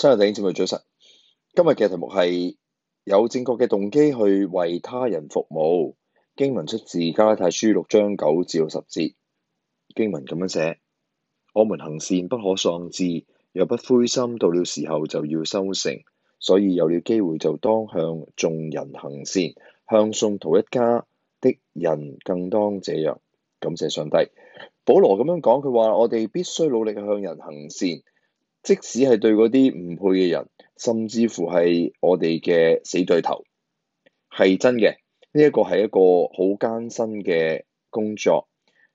真係電節目早晨，今日嘅題目係有正確嘅動機去為他人服務。經文出自加拉太書六章九至十節，經文咁樣寫：我們行善不可喪志，又不灰心，到了時候就要收成。所以有了機會就當向眾人行善，向信徒一家的人更當這樣。感謝上帝，保羅咁樣講，佢話我哋必須努力向人行善。即使係對嗰啲唔配嘅人，甚至乎係我哋嘅死對頭，係真嘅。呢一個係一個好艱辛嘅工作，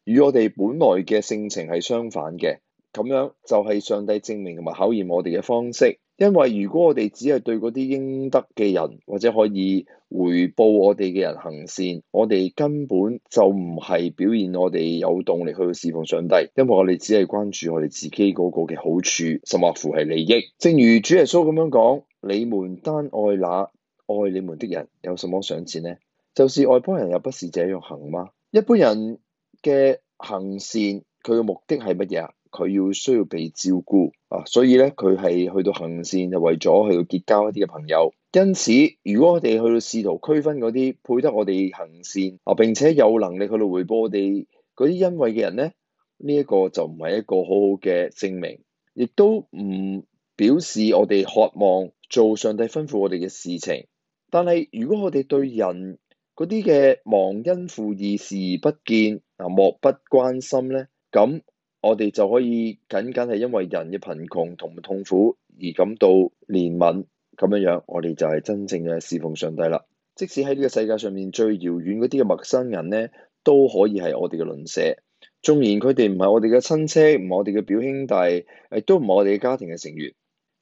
與我哋本來嘅性情係相反嘅。咁樣就係上帝證明同埋考驗我哋嘅方式。因為如果我哋只係對嗰啲應得嘅人或者可以回報我哋嘅人行善，我哋根本就唔係表現我哋有動力去侍奉上帝，因為我哋只係關注我哋自己嗰個嘅好處，甚至乎係利益。正如主耶穌咁樣講：「你們單愛那愛你們的人，有什麼賞賜呢？就是外邦人又不是這樣行嗎？一般人嘅行善，佢嘅目的係乜嘢啊？佢要需要被照顧啊，所以咧佢係去到行善就是、為咗去到結交一啲嘅朋友。因此，如果我哋去到試圖區分嗰啲配得我哋行善啊，並且有能力去到回報我哋嗰啲恩惠嘅人咧，呢、這個、一個就唔係一個好好嘅證明，亦都唔表示我哋渴望做上帝吩咐我哋嘅事情。但係如果我哋對人嗰啲嘅忘恩負義視而不見啊，漠不關心咧，咁～我哋就可以僅僅係因為人嘅貧窮同埋痛苦而感到憐憫咁樣樣，我哋就係真正嘅侍奉上帝啦。即使喺呢個世界上面最遙遠嗰啲嘅陌生人呢，都可以係我哋嘅鄰舍。縱然佢哋唔係我哋嘅親戚，唔係我哋嘅表兄弟，亦都唔係我哋嘅家庭嘅成員，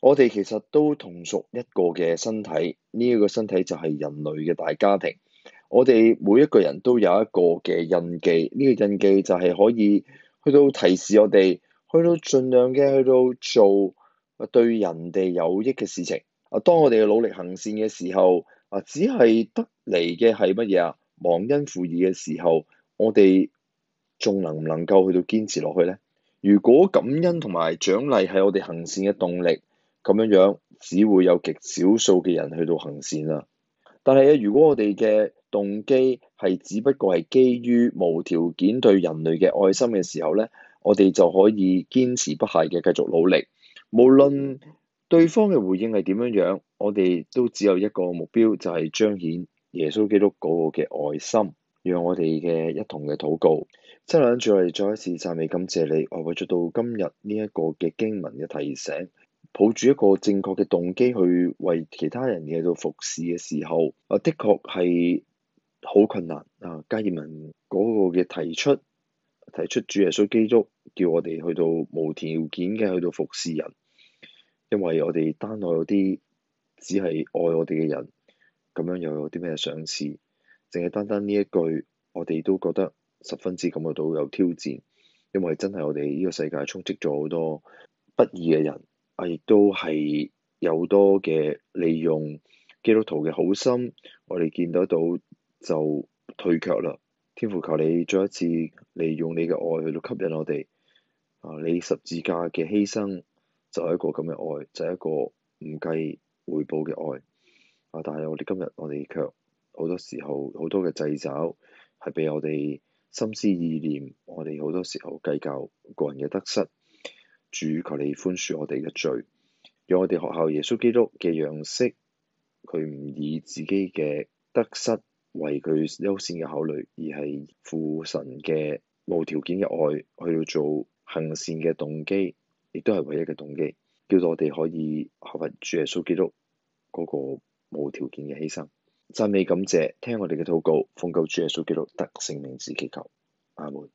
我哋其實都同屬一個嘅身體。呢一個身體就係人類嘅大家庭。我哋每一個人都有一個嘅印記，呢個印記就係可以，去到提示我哋，去到盡量嘅去到做，對人哋有益嘅事情，啊當我哋嘅努力行善嘅時候，啊只係得嚟嘅係乜嘢啊？忘恩負義嘅時候，我哋仲能唔能夠去到堅持落去咧？如果感恩同埋獎勵係我哋行善嘅動力，咁樣樣只會有極少數嘅人去到行善啦。但係啊，如果我哋嘅動機係只不過係基於無條件對人類嘅愛心嘅時候呢，我哋就可以堅持不懈嘅繼續努力，無論對方嘅回應係點樣樣，我哋都只有一個目標，就係彰顯耶穌基督嗰個嘅愛心。讓我哋嘅一同嘅禱告，真係響住我哋再一次讚美感謝你，我為做到今日呢一個嘅經文嘅提醒，抱住一個正確嘅動機去為其他人嘅度服侍嘅時候，啊，的確係。好困難啊！加爾文嗰個嘅提出，提出主耶穌基督叫我哋去到無條件嘅去到服侍人，因為我哋單愛嗰啲只係愛我哋嘅人，咁樣又有啲咩嘢賞賜？淨係單單呢一句，我哋都覺得十分之感覺到有挑戰，因為真係我哋呢個世界充斥咗好多不義嘅人，啊，亦都係有多嘅利用基督徒嘅好心，我哋見得到。就退卻啦！天父求你再一次利用你嘅愛去到吸引我哋。啊！你十字架嘅犧牲就係一個咁嘅愛，就係、是、一個唔計回報嘅愛。啊！但係我哋今日我哋卻好多時候好多嘅掣肘，係俾我哋心思意念，我哋好多時候計較個人嘅得失。主求你寬恕我哋嘅罪，讓我哋學效耶穌基督嘅樣式，佢唔以自己嘅得失為佢優先嘅考慮，而係父神嘅無條件嘅愛，去做行善嘅動機，亦都係唯一嘅動機，叫到我哋可以學習主耶穌基督嗰個無條件嘅犧牲。讚美感謝，聽我哋嘅禱告，奉救主耶穌基督得勝名字祈求，阿門。